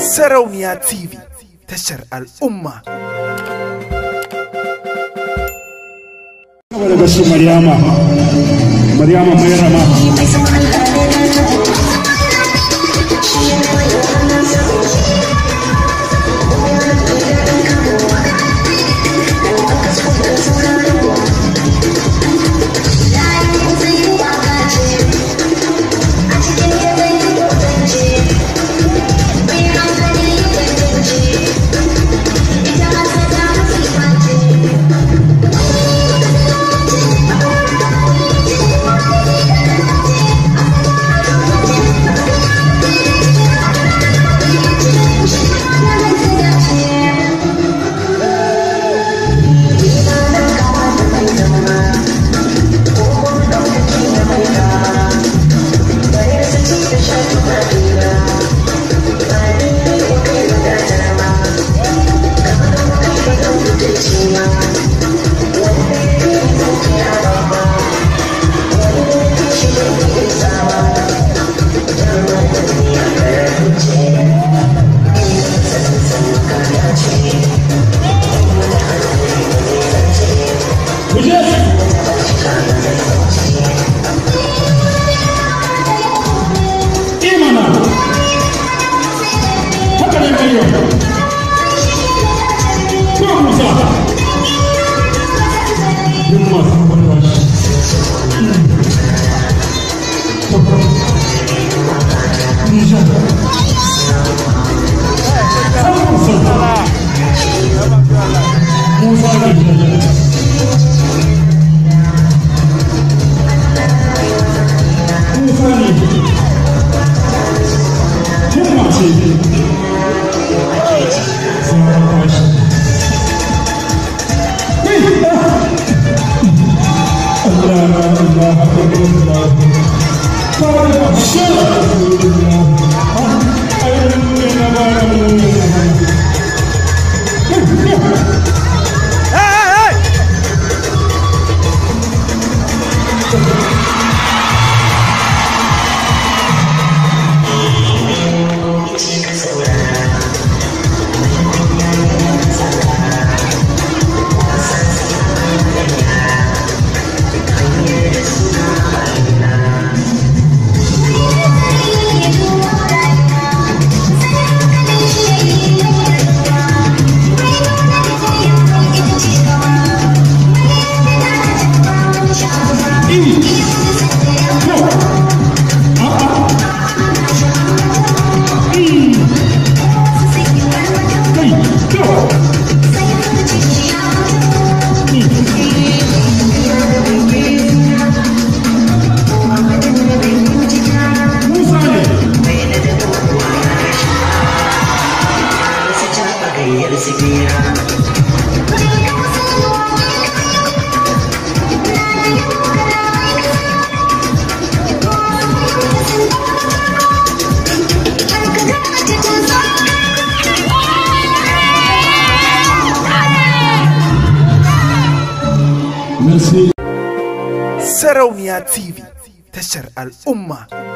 Sarauniya TV tashar al'umma. da gasu Maryama, Maryama Mairama. Thank you. 你说你？对不起。عيل سكينة Sarauniya TV, tashar al'umma.